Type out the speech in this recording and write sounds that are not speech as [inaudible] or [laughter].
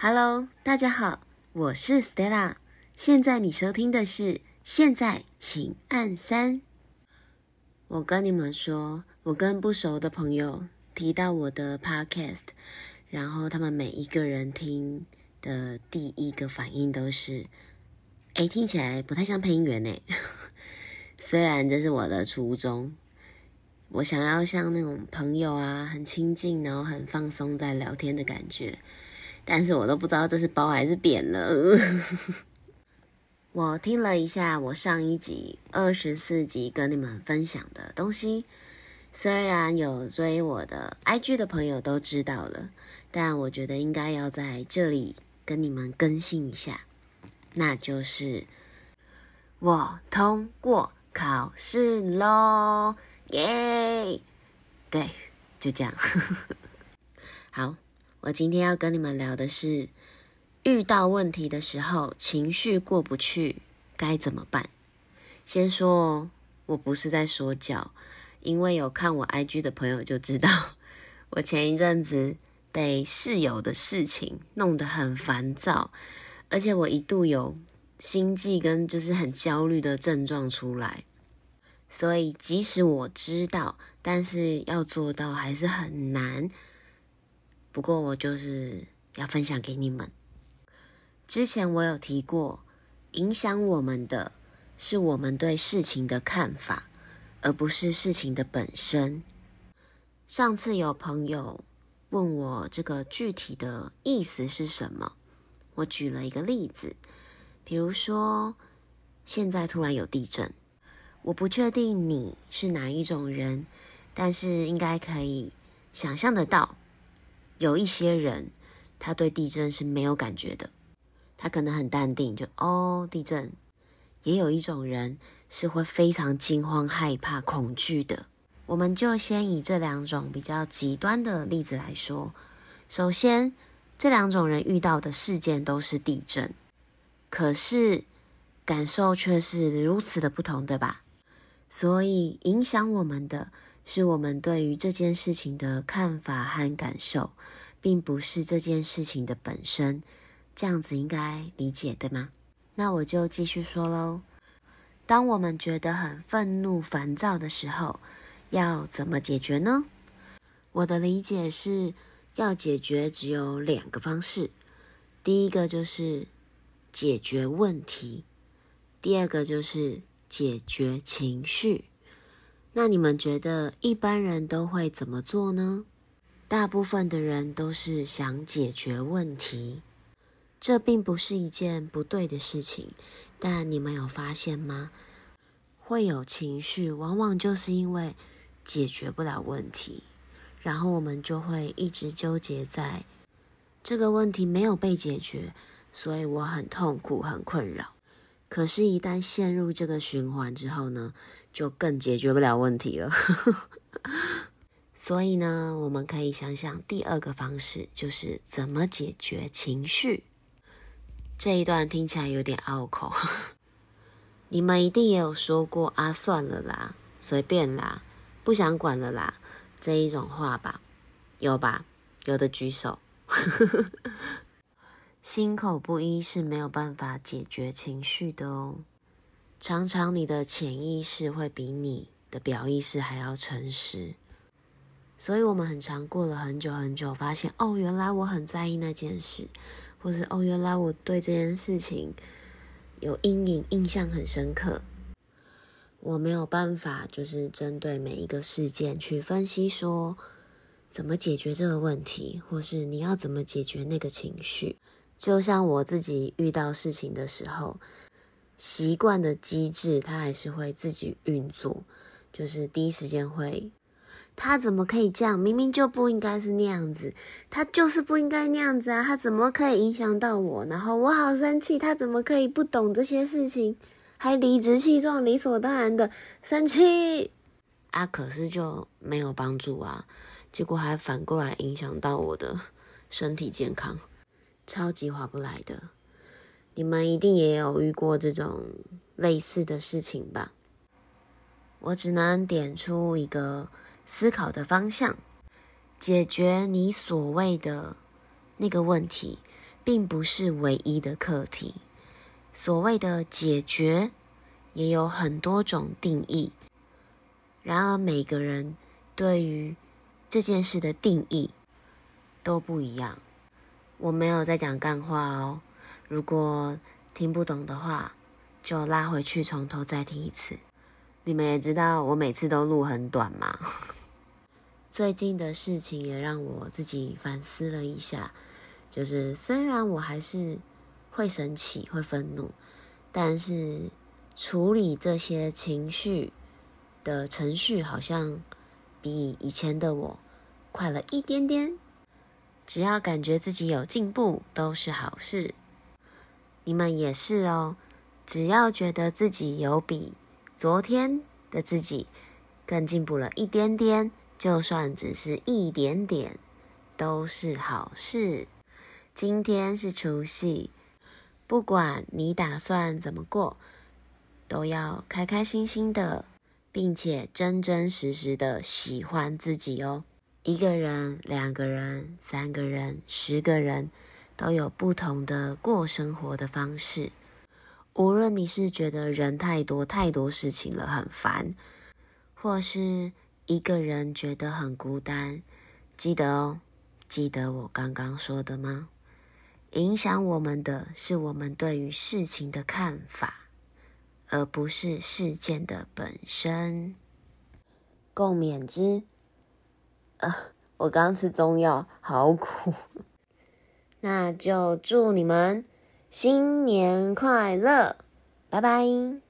Hello，大家好，我是 Stella。現在你收聽的是《現在請按三》。我跟你們說，我跟不熟的朋友提到我的 Podcast，然後他們每一個人聽的第一個反應都是：“哎，聽起來不太像配音員誒。”雖然這是我的初衷，我想要像那種朋友啊，很親近，然後很放鬆在聊天的感覺。但是我都不知道這是褒還是貶了。我聽了一下我上一集二十四集跟你們分享的東西，雖然有追我的 IG 的朋友都知道了，但我覺得應該要在這裡跟你們更新一下，那就是我通過考試嘍，耶！對，就這樣，好。我今天要跟你們聊的是，遇到問題的時候情緒過不去該怎麼辦？先說哦，我不是在說教，因為有看我 IG 的朋友就知道，我前一陣子被室友的事情弄得很煩躁，而且我一度有心悸跟就是很焦慮的症狀出來，所以即使我知道，但是要做到還是很難。不過，我就是要分享給你們。之前我有提過，影響我們的是我們對事情的看法，而不是事情的本身。上次有朋友問我這個具體的意思是什麼？我舉了一個例子，比如說現在突然有地震，我不確定你是哪一種人，但是應該可以想象得到。有一些人，他對地震是沒有感覺的，他可能很淡定，就哦地震。也有一種人是會非常驚慌、害怕、恐懼的。我們就先以這兩種比較極端的例子來說，首先，這兩種人遇到的事件都是地震，可是感受卻是如此的不同，對吧？所以影響我們的，是我們對於這件事情的看法和感受，並不是這件事情的本身。這樣子應該理解對嗎？那我就繼續說嘍。當我們覺得很憤怒、煩躁的時候，要怎麼解決呢？我的理解是要解決只有兩個方式，第一個就是解決問題，第二個就是解決情緒。那你們覺得一般人都會怎麼做呢？大部分的人都是想解決問題，這並不是一件不對的事情。但你們有發現嗎？會有情緒，往往就是因為解決不了問題，然後我們就會一直糾結在這個問題沒有被解決，所以我很痛苦，很困擾。可是，一旦陷入這個循環之後呢，就更解決不了問題了。 [laughs] 所以呢，我們可以想想第二個方式，就是怎麼解決情緒。這一段聽起來有點拗口， [laughs] 你們一定也有說過啊，算了啦，隨便啦，不想管了啦，這一種話吧，有吧？有的舉手。 [laughs] 心口不一是沒有辦法解決情緒的哦。常常你的潛意識會比你的表意識還要誠實，所以我們很常過了很久很久，發現哦，原來我很在意那件事，或是哦，原來我對這件事情有陰影，印象很深刻。我沒有辦法，就是針對每一個事件去分析說怎麼解決這個問題，或是你要怎麼解決那個情緒。就像我自己遇到事情的時候，習慣的機制它還是會自己運作，就是第一時間會，他怎麼可以這樣？明明就不應該是那樣子，他就是不應該那樣子啊！他怎麼可以影響到我？然後我好生氣，他怎麼可以不懂這些事情，還理直氣壯、理所當然的生氣啊？可是就沒有幫助啊，結果還反過來影響到我的身體健康。超級划不來的，你們一定也有遇過這種類似的事情吧？我只能點出一個思考的方向：解決你所謂的那個問題，並不是唯一的課題。所謂的解決，也有很多種定義。然而，每個人對於這件事的定義都不一樣。我沒有在講幹話哦，如果聽不懂的話，就拉回去從頭再聽一次。你們也知道我每次都錄很短嘛。 [laughs] 最近的事情也讓我自己反思了一下，就是雖然我還是會生氣、會憤怒，但是處理這些情緒的程序好像比以前的我快了一點點。只要感覺自己有進步，都是好事。你們也是哦，只要覺得自己有比昨天的自己更進步了一點點，就算只是一點點，都是好事。今天是除夕，不管你打算怎麼過，都要開開心心的，並且真真實實的喜歡自己哦。一個人、兩個人、三個人、十個人，都有不同的過生活的方式。無論你是覺得人太多，太多事情了，很煩，或是一個人覺得很孤單，記得哦，記得我剛剛說的嗎？影響我們的是我們對於事情的看法，而不是事件的本身。共勉之。呃，我剛吃中藥，好苦。 [laughs] 那就祝你們新年快樂，拜拜。